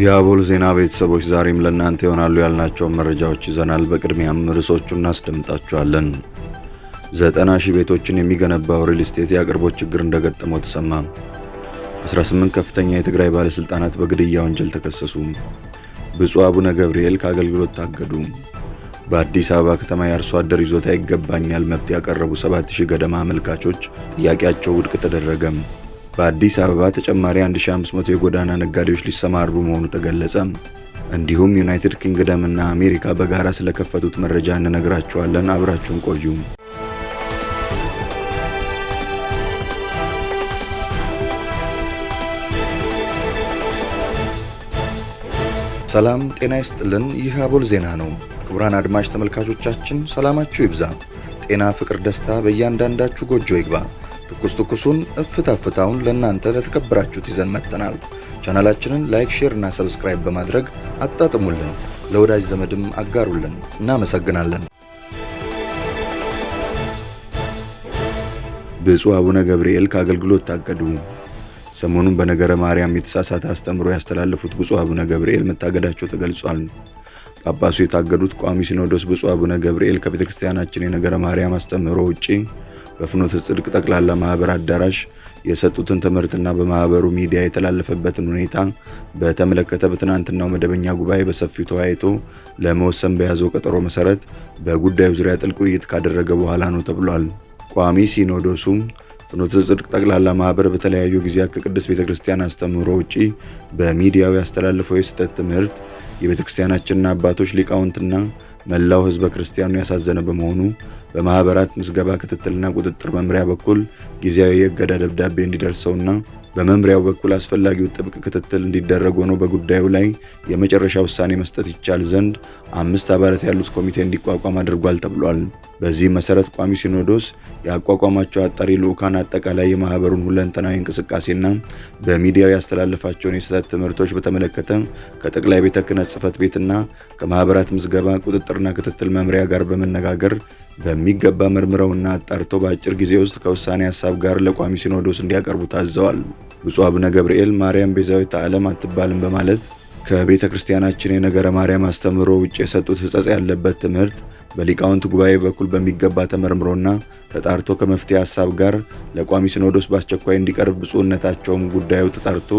የአቦል ዜና ቤተሰቦች ዛሬም ለእናንተ ይሆናሉ ያልናቸውን መረጃዎች ይዘናል። በቅድሚያም ርዕሶቹ እናስደምጣችኋለን። ዘጠና ሺህ ቤቶችን የሚገነባው ሪል ስቴት የአቅርቦት ችግር እንደገጠመው ተሰማ። 18 ከፍተኛ የትግራይ ባለሥልጣናት በግድያ ወንጀል ተከሰሱ። ብፁዕ አቡነ ገብርኤል ከአገልግሎት ታገዱ። በአዲስ አበባ ከተማ የአርሶ አደር ይዞታ ይገባኛል መብት ያቀረቡ 7000 ገደማ አመልካቾች ጥያቄያቸው ውድቅ ተደረገም። በአዲስ አበባ ተጨማሪ 1500 የጎዳና ነጋዴዎች ሊሰማሩ መሆኑ ተገለጸ። እንዲሁም ዩናይትድ ኪንግደም እና አሜሪካ በጋራ ስለከፈቱት መረጃ እንነግራችኋለን። አብራችሁን ቆዩ። ሰላም ጤና ይስጥልን። ይህ አቦል ዜና ነው። ክቡራን አድማጭ ተመልካቾቻችን ሰላማችሁ ይብዛ፣ ጤና፣ ፍቅር፣ ደስታ በእያንዳንዳችሁ ጎጆ ይግባ። ትኩስ ትኩሱን እፍታ ፍታውን ለእናንተ ለተከበራችሁት ይዘን መጥተናል። ቻናላችንን ላይክ፣ ሼር እና ሰብስክራይብ በማድረግ አጣጥሙልን፣ ለወዳጅ ዘመድም አጋሩልን። እናመሰግናለን። ብፁዕ አቡነ ገብርኤል ከአገልግሎት ታገዱ። ሰሞኑን በነገረ ማርያም የተሳሳተ አስተምሮ ያስተላለፉት ብፁዕ አቡነ ገብርኤል መታገዳቸው ተገልጿል። ጳጳሱ የታገዱት ቋሚ ሲኖዶስ ብፁዕ አቡነ ገብርኤል ከቤተክርስቲያናችን የነገረ ማርያም አስተምህሮ ውጪ በፍኖተ ጽድቅ ጠቅላላ ማህበር አዳራሽ የሰጡትን ትምህርትና በማህበሩ ሚዲያ የተላለፈበትን ሁኔታ በተመለከተ በትናንትናው መደበኛ ጉባኤ በሰፊው ተወያይቶ ለመወሰን በያዘው ቀጠሮ መሰረት በጉዳዩ ዙሪያ ጥልቅ ውይይት ካደረገ በኋላ ነው ተብሏል። ቋሚ ሲኖዶሱም ፍኖተ ጽድቅ ጠቅላላ ማህበር በተለያዩ ጊዜያት ከቅድስት ቤተ ክርስቲያን አስተምህሮ ውጪ በሚዲያው ያስተላለፈው የስህተት ትምህርት የቤተ ክርስቲያናችንና አባቶች ሊቃውንትና መላው ህዝበ ክርስቲያኑ ያሳዘነ በመሆኑ በማህበራት ምዝገባ ክትትልና ቁጥጥር መምሪያ በኩል ጊዜያዊ የእገዳ ደብዳቤ እንዲደርሰውና በመምሪያው በኩል አስፈላጊው ጥብቅ ክትትል እንዲደረግ ሆኖ በጉዳዩ ላይ የመጨረሻ ውሳኔ መስጠት ይቻል ዘንድ አምስት አባላት ያሉት ኮሚቴ እንዲቋቋም አድርጓል ተብሏል። በዚህ መሰረት ቋሚ ሲኖዶስ ያቋቋማቸው አጣሪ ልዑካን አጠቃላይ የማህበሩን ሁለንተናዊ እንቅስቃሴና በሚዲያው ያስተላለፋቸውን የስህተት ትምህርቶች በተመለከተ ከጠቅላይ ቤተ ክህነት ጽሕፈት ቤትና ከማህበራት ምዝገባ ቁጥጥርና ክትትል መምሪያ ጋር በመነጋገር በሚገባ መርምረውና አጣርቶ በአጭር ጊዜ ውስጥ ከውሳኔ ሀሳብ ጋር ለቋሚ ሲኖዶስ እንዲያቀርቡ ታዘዋል። ብፁዕ አቡነ ገብርኤል ማርያም ቤዛዊተ ዓለም አትባልም በማለት ከቤተ ክርስቲያናችን የነገረ ማርያም አስተምህሮ ውጭ የሰጡት ሕጸጽ ያለበት ትምህርት በሊቃውንት ጉባኤ በኩል በሚገባ ተመርምሮና ተጣርቶ ከመፍትሄ ሀሳብ ጋር ለቋሚ ሲኖዶስ በአስቸኳይ እንዲቀርብ ብፁዕነታቸውም ጉዳዩ ተጣርቶ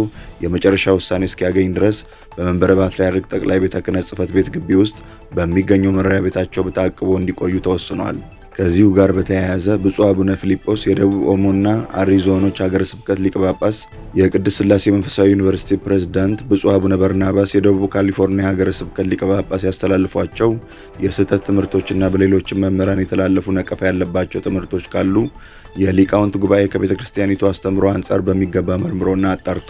የመጨረሻ ውሳኔ እስኪያገኝ ድረስ በመንበረ ፓትርያርክ ጠቅላይ ቤተ ክህነት ጽሕፈት ቤት ግቢ ውስጥ በሚገኘው መኖሪያ ቤታቸው በተአቅቦ እንዲቆዩ ተወስኗል። ከዚሁ ጋር በተያያዘ ብፁዕ አቡነ ፊልጶስ የደቡብ ኦሞና አሪ ዞኖች ሀገረ ስብከት ሊቀ ጳጳስ፣ የቅድስት ስላሴ መንፈሳዊ ዩኒቨርሲቲ ፕሬዝዳንት፣ ብፁዕ አቡነ በርናባስ የደቡብ ካሊፎርኒያ ሀገረ ስብከት ሊቀ ጳጳስ ያስተላልፏቸው የስህተት ትምህርቶችና በሌሎችም መምህራን የተላለፉ ነቀፋ ያለባቸው ትምህርቶች ካሉ የሊቃውንት ጉባኤ ከቤተ ክርስቲያኒቱ አስተምሮ አንጻር በሚገባ መርምሮና አጣርቶ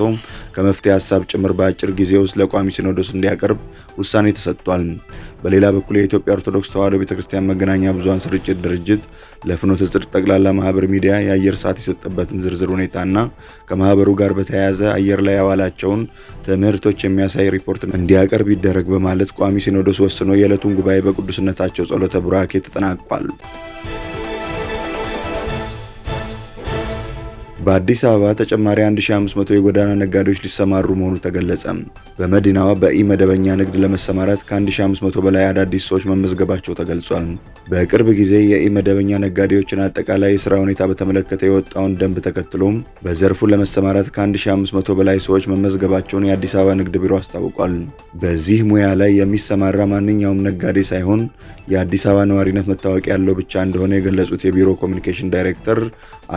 ከመፍትሄ ሀሳብ ጭምር በአጭር ጊዜ ውስጥ ለቋሚ ሲኖዶስ እንዲያቀርብ ውሳኔ ተሰጥቷል። በሌላ በኩል የኢትዮጵያ ኦርቶዶክስ ተዋሕዶ ቤተ ክርስቲያን መገናኛ ብዙሃን ስርጭት ድርጅት ለፍኖተ ጽድቅ ጠቅላላ ማህበር ሚዲያ የአየር ሰዓት የሰጠበትን ዝርዝር ሁኔታና ከማህበሩ ጋር በተያያዘ አየር ላይ ያዋላቸውን ትምህርቶች የሚያሳይ ሪፖርት እንዲያቀርብ ይደረግ በማለት ቋሚ ሲኖዶስ ወስኖ የዕለቱን ጉባኤ በቅዱስነታቸው ጸሎተ ቡራኬ ተጠናቋል። በአዲስ አበባ ተጨማሪ 1500 የጎዳና ነጋዴዎች ሊሰማሩ መሆኑ ተገለጸ። በመዲናዋ በኢ-መደበኛ ንግድ ለመሰማራት ከ1500 በላይ አዳዲስ ሰዎች መመዝገባቸው ተገልጿል። በቅርብ ጊዜ የኢ-መደበኛ ነጋዴዎችን አጠቃላይ የሥራ ሁኔታ በተመለከተ የወጣውን ደንብ ተከትሎም በዘርፉ ለመሰማራት ከ1500 በላይ ሰዎች መመዝገባቸውን የአዲስ አበባ ንግድ ቢሮ አስታውቋል። በዚህ ሙያ ላይ የሚሰማራ ማንኛውም ነጋዴ ሳይሆን የአዲስ አበባ ነዋሪነት መታወቂያ ያለው ብቻ እንደሆነ የገለጹት የቢሮ ኮሚኒኬሽን ዳይሬክተር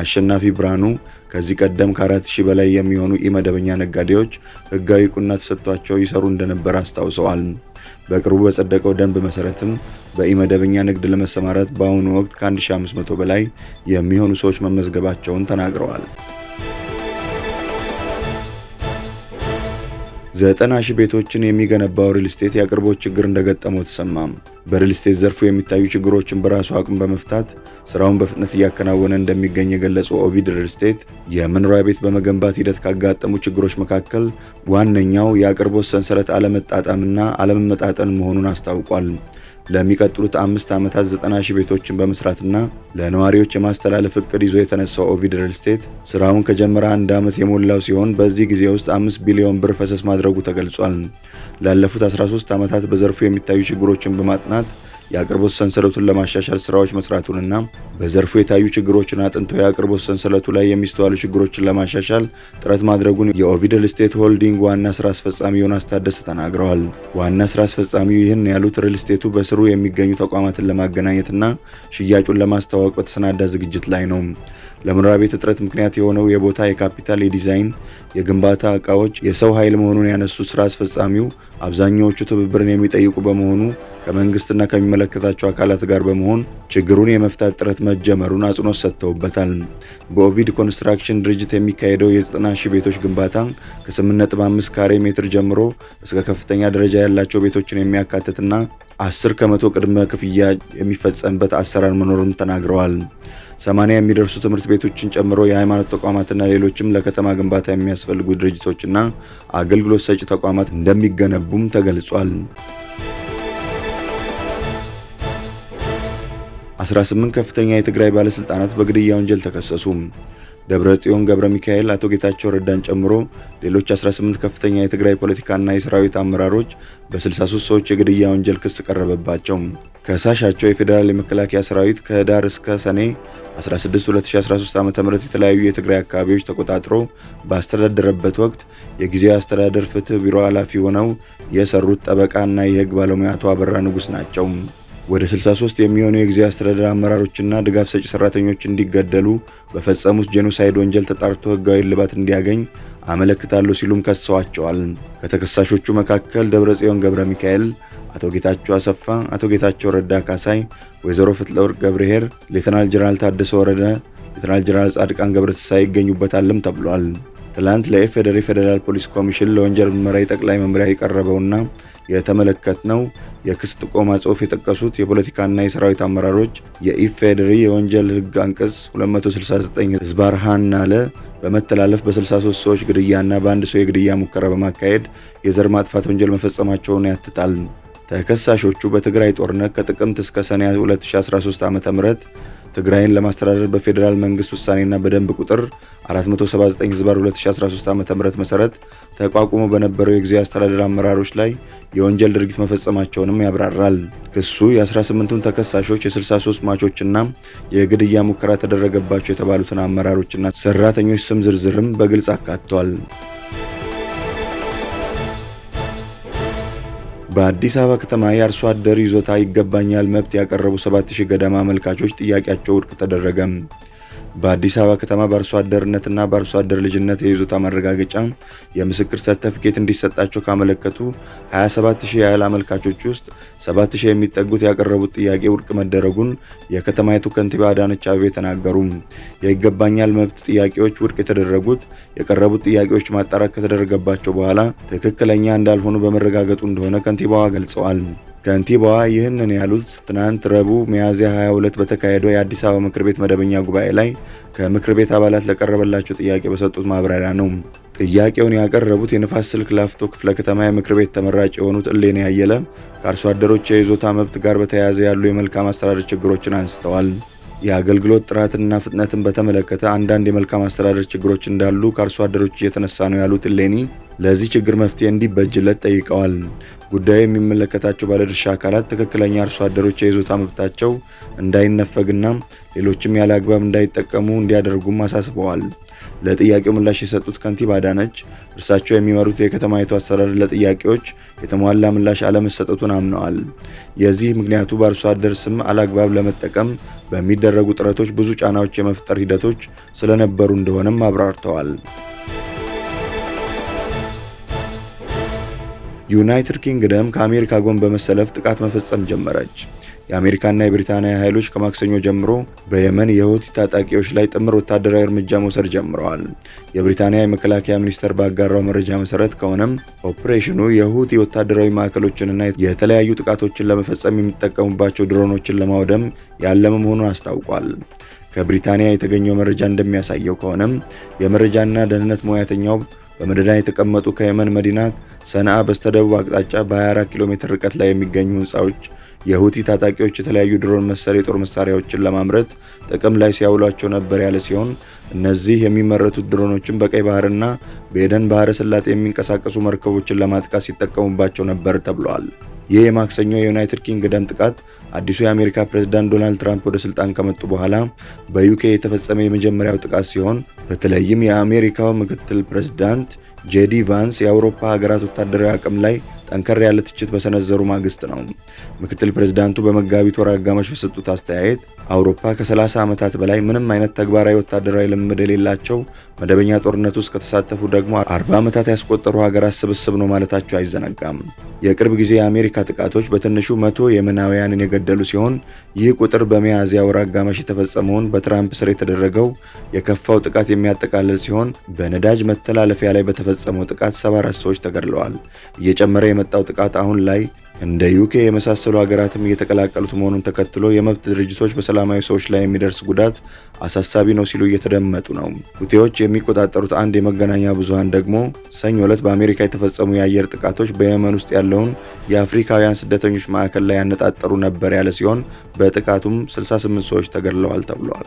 አሸናፊ ብርሃኑ ከዚህ ቀደም ከ4000 በላይ የሚሆኑ ኢመደበኛ ነጋዴዎች ህጋዊ ቁና ተሰጥቷቸው ይሰሩ እንደነበር አስታውሰዋል። በቅርቡ በጸደቀው ደንብ መሰረትም በኢመደበኛ ንግድ ለመሰማራት በአሁኑ ወቅት ከ1500 በላይ የሚሆኑ ሰዎች መመዝገባቸውን ተናግረዋል። ዘጠና ሺህ ቤቶችን የሚገነባው ሪል ስቴት የአቅርቦት ችግር እንደገጠመው ተሰማም። በሪል ስቴት ዘርፉ የሚታዩ ችግሮችን በራሱ አቅም በመፍታት ስራውን በፍጥነት እያከናወነ እንደሚገኝ የገለጸው ኦቪድ ሪል ስቴት የመኖሪያ ቤት በመገንባት ሂደት ካጋጠሙ ችግሮች መካከል ዋነኛው የአቅርቦት ሰንሰለት አለመጣጣምና አለመመጣጠን መሆኑን አስታውቋል። ለሚቀጥሉት አምስት ዓመታት 90 ሺህ ቤቶችን በመስራትና ለነዋሪዎች የማስተላለፍ እቅድ ይዞ የተነሳው ኦቪድ ሪል ስቴት ስራውን ከጀመረ አንድ ዓመት የሞላው ሲሆን በዚህ ጊዜ ውስጥ 5 ቢሊዮን ብር ፈሰስ ማድረጉ ተገልጿል። ላለፉት 13 ዓመታት በዘርፉ የሚታዩ ችግሮችን በማጥናት የአቅርቦት ሰንሰለቱን ለማሻሻል ስራዎች መስራቱንና በዘርፉ የታዩ ችግሮችን አጥንቶ የአቅርቦት ሰንሰለቱ ላይ የሚስተዋሉ ችግሮችን ለማሻሻል ጥረት ማድረጉን የኦቪደል ስቴት ሆልዲንግ ዋና ስራ አስፈጻሚ ዮናስ ታደሰ ተናግረዋል። ዋና ስራ አስፈጻሚው ይህን ያሉት ሪል ስቴቱ በስሩ የሚገኙ ተቋማትን ለማገናኘትና ሽያጩን ለማስተዋወቅ በተሰናዳ ዝግጅት ላይ ነው። ለመኖሪያ ቤት እጥረት ምክንያት የሆነው የቦታ፣ የካፒታል፣ የዲዛይን፣ የግንባታ እቃዎች፣ የሰው ኃይል መሆኑን ያነሱት ስራ አስፈጻሚው አብዛኛዎቹ ትብብርን የሚጠይቁ በመሆኑ ከመንግስትና ከሚመለከታቸው አካላት ጋር በመሆን ችግሩን የመፍታት ጥረት መጀመሩን አጽንኦት ሰጥተውበታል። በኦቪድ ኮንስትራክሽን ድርጅት የሚካሄደው የ የዘጠና ሺህ ቤቶች ግንባታ ከ8.5 ካሬ ሜትር ጀምሮ እስከ ከፍተኛ ደረጃ ያላቸው ቤቶችን የሚያካትትና 10 ከመቶ ቅድመ ክፍያ የሚፈጸምበት አሰራር መኖሩን ተናግረዋል። 80 የሚደርሱ ትምህርት ቤቶችን ጨምሮ የሃይማኖት ተቋማትና ሌሎችም ለከተማ ግንባታ የሚያስፈልጉ ድርጅቶችና አገልግሎት ሰጪ ተቋማት እንደሚገነቡም ተገልጿል። 18 ከፍተኛ የትግራይ ባለስልጣናት በግድያ ወንጀል ተከሰሱ። ደብረ ጽዮን ገብረ ሚካኤል አቶ ጌታቸው ረዳን ጨምሮ ሌሎች 18 ከፍተኛ የትግራይ ፖለቲካና የሰራዊት አመራሮች በ63 ሰዎች የግድያ ወንጀል ክስ ቀረበባቸው። ከሳሻቸው የፌዴራል የመከላከያ ሰራዊት ከህዳር እስከ ሰኔ 16 2013 ዓ.ም የተለያዩ የትግራይ አካባቢዎች ተቆጣጥሮ ባስተዳደረበት ወቅት የጊዜያዊ አስተዳደር ፍትህ ቢሮ ኃላፊ ሆነው የሰሩት ጠበቃ እና የህግ ባለሙያ አቶ አበራ ንጉስ ናቸው። ወደ 63 የሚሆኑ የጊዜያዊ አስተዳደር አመራሮችና ድጋፍ ሰጪ ሰራተኞች እንዲገደሉ በፈጸሙት ጄኖሳይድ ወንጀል ተጣርቶ ህጋዊ እልባት እንዲያገኝ አመለክታለሁ ሲሉም ከሰዋቸዋል። ከተከሳሾቹ መካከል ደብረጽዮን ገብረ ሚካኤል፣ አቶ ጌታቸው አሰፋ፣ አቶ ጌታቸው ረዳ ካሳይ፣ ወይዘሮ ፍትለወርቅ ገብርሄር፣ ሌተናል ጀነራል ታደሰ ወረደ፣ ሌተናል ጀነራል ጻድቃን ገብረትንሳኤ ይገኙበታልም ተብሏል። ትላንት ለኢፌዴሪ ፌዴራል ፖሊስ ኮሚሽን ለወንጀል ምርመራ ጠቅላይ መምሪያ የቀረበውና የተመለከትነው የክስ ጥቆማ ጽሑፍ የጠቀሱት የፖለቲካና የሰራዊት አመራሮች የኢፌዴሪ የወንጀል ህግ አንቀጽ 269 ህዝባር ሃና ለ በመተላለፍ በ63 ሰዎች ግድያና በአንድ ሰው የግድያ ሙከራ በማካሄድ የዘር ማጥፋት ወንጀል መፈጸማቸውን ያትታል። ተከሳሾቹ በትግራይ ጦርነት ከጥቅምት እስከ ሰኔ 2013 ዓ.ም ትግራይን ለማስተዳደር በፌዴራል መንግስት ውሳኔና በደንብ ቁጥር 479 ህዝባር 2013 ዓ ም መሰረት ተቋቁሞ በነበረው የጊዜ አስተዳደር አመራሮች ላይ የወንጀል ድርጊት መፈጸማቸውንም ያብራራል። ክሱ የ18ቱን ተከሳሾች የ63 ማቾችና የግድያ ሙከራ ተደረገባቸው የተባሉትን አመራሮችና ሰራተኞች ስም ዝርዝርም በግልጽ አካቷል። በአዲስ አበባ ከተማ የአርሶ አደር ይዞታ ይገባኛል መብት ያቀረቡ 7000 ገደማ አመልካቾች ጥያቄያቸው ውድቅ ተደረገም። በአዲስ አበባ ከተማ በአርሶ አደርነትና በአርሶ አደር ልጅነት የይዞታ ማረጋገጫ የምስክር ሰርተፍኬት እንዲሰጣቸው ካመለከቱ 27000 ያህል አመልካቾች ውስጥ 7000 የሚጠጉት ያቀረቡት ጥያቄ ውድቅ መደረጉን የከተማይቱ ከንቲባ አዳነች አቤቤ ተናገሩ። የይገባኛል መብት ጥያቄዎች ውድቅ የተደረጉት የቀረቡት ጥያቄዎች ማጣራት ከተደረገባቸው በኋላ ትክክለኛ እንዳልሆኑ በመረጋገጡ እንደሆነ ከንቲባዋ ገልጸዋል። ከንቲባዋ ይህንን ያሉት ትናንት ረቡዕ ሚያዝያ 22 በተካሄደው የአዲስ አበባ ምክር ቤት መደበኛ ጉባኤ ላይ ከምክር ቤት አባላት ለቀረበላቸው ጥያቄ በሰጡት ማብራሪያ ነው። ጥያቄውን ያቀረቡት የንፋስ ስልክ ላፍቶ ክፍለ ከተማ የምክር ቤት ተመራጭ የሆኑት እሌኒ ያየለ ከአርሶ አደሮች የይዞታ መብት ጋር በተያያዘ ያሉ የመልካም አስተዳደር ችግሮችን አንስተዋል። የአገልግሎት ጥራትንና ፍጥነትን በተመለከተ አንዳንድ የመልካም አስተዳደር ችግሮች እንዳሉ ከአርሶ አደሮች እየተነሳ ነው ያሉት ሌኒ ለዚህ ችግር መፍትሄ እንዲበጅለት ጠይቀዋል። ጉዳዩ የሚመለከታቸው ባለድርሻ አካላት ትክክለኛ አርሶ አደሮች የይዞታ መብታቸው እንዳይነፈግና ሌሎችም ያለ አግባብ እንዳይጠቀሙ እንዲያደርጉም አሳስበዋል። ለጥያቄው ምላሽ የሰጡት ከንቲባ አዳነች እርሳቸው የሚመሩት የከተማይቱ አሰራር ለጥያቄዎች የተሟላ ምላሽ አለመሰጠቱን አምነዋል። የዚህ ምክንያቱ በአርሶ አደር ስም አላግባብ ለመጠቀም በሚደረጉ ጥረቶች ብዙ ጫናዎች የመፍጠር ሂደቶች ስለነበሩ እንደሆነም አብራርተዋል። ዩናይትድ ኪንግደም ከአሜሪካ ጎን በመሰለፍ ጥቃት መፈጸም ጀመረች። የአሜሪካና የብሪታንያ ኃይሎች ከማክሰኞ ጀምሮ በየመን የሁቲ ታጣቂዎች ላይ ጥምር ወታደራዊ እርምጃ መውሰድ ጀምረዋል። የብሪታንያ የመከላከያ ሚኒስቴር ባጋራው መረጃ መሰረት ከሆነም ኦፕሬሽኑ የሁቲ ወታደራዊ ማዕከሎችንና የተለያዩ ጥቃቶችን ለመፈጸም የሚጠቀሙባቸው ድሮኖችን ለማውደም ያለመ መሆኑን አስታውቋል። ከብሪታንያ የተገኘው መረጃ እንደሚያሳየው ከሆነም የመረጃና ደህንነት ሙያተኛው በመደዳ የተቀመጡ ከየመን መዲና ሰነአ በስተደቡብ አቅጣጫ በ24 ኪሎ ሜትር ርቀት ላይ የሚገኙ ህንፃዎች የሁቲ ታጣቂዎች የተለያዩ ድሮን መሰል የጦር መሳሪያዎችን ለማምረት ጥቅም ላይ ሲያውሏቸው ነበር ያለ ሲሆን እነዚህ የሚመረቱት ድሮኖችን በቀይ ባህርና በኤደን ባህረ ስላጤ የሚንቀሳቀሱ መርከቦችን ለማጥቃት ሲጠቀሙባቸው ነበር ተብሏል። ይህ የማክሰኞ የዩናይትድ ኪንግደም ጥቃት አዲሱ የአሜሪካ ፕሬዝዳንት ዶናልድ ትራምፕ ወደ ስልጣን ከመጡ በኋላ በዩኬ የተፈጸመ የመጀመሪያው ጥቃት ሲሆን በተለይም የአሜሪካው ምክትል ፕሬዝዳንት ጄዲ ቫንስ የአውሮፓ ሀገራት ወታደራዊ አቅም ላይ ጠንከር ያለ ትችት በሰነዘሩ ማግስት ነው። ምክትል ፕሬዝዳንቱ በመጋቢት ወር አጋማሽ በሰጡት አስተያየት አውሮፓ ከ30 ዓመታት በላይ ምንም አይነት ተግባራዊ ወታደራዊ ልምድ የሌላቸው መደበኛ ጦርነት ውስጥ ከተሳተፉ ደግሞ 40 ዓመታት ያስቆጠሩ ሀገራት ስብስብ ነው ማለታቸው አይዘነጋም። የቅርብ ጊዜ የአሜሪካ ጥቃቶች በትንሹ መቶ የመናውያንን የገደሉ ሲሆን ይህ ቁጥር በሚያዝያ ወር አጋማሽ የተፈጸመውን በትራምፕ ስር የተደረገው የከፋው ጥቃት የሚያጠቃልል ሲሆን በነዳጅ መተላለፊያ ላይ በተፈጸመው ጥቃት 74 ሰዎች ተገድለዋል። እየጨመረ የመጣው ጥቃት አሁን ላይ እንደ ዩኬ የመሳሰሉ ሀገራትም እየተቀላቀሉት መሆኑን ተከትሎ የመብት ድርጅቶች በሰላማዊ ሰዎች ላይ የሚደርስ ጉዳት አሳሳቢ ነው ሲሉ እየተደመጡ ነው። ሁቴዎች የሚቆጣጠሩት አንድ የመገናኛ ብዙሃን ደግሞ ሰኞ ዕለት በአሜሪካ የተፈጸሙ የአየር ጥቃቶች በየመን ውስጥ ያለውን የአፍሪካውያን ስደተኞች ማዕከል ላይ ያነጣጠሩ ነበር ያለ ሲሆን በጥቃቱም 68 ሰዎች ተገድለዋል ተብለዋል።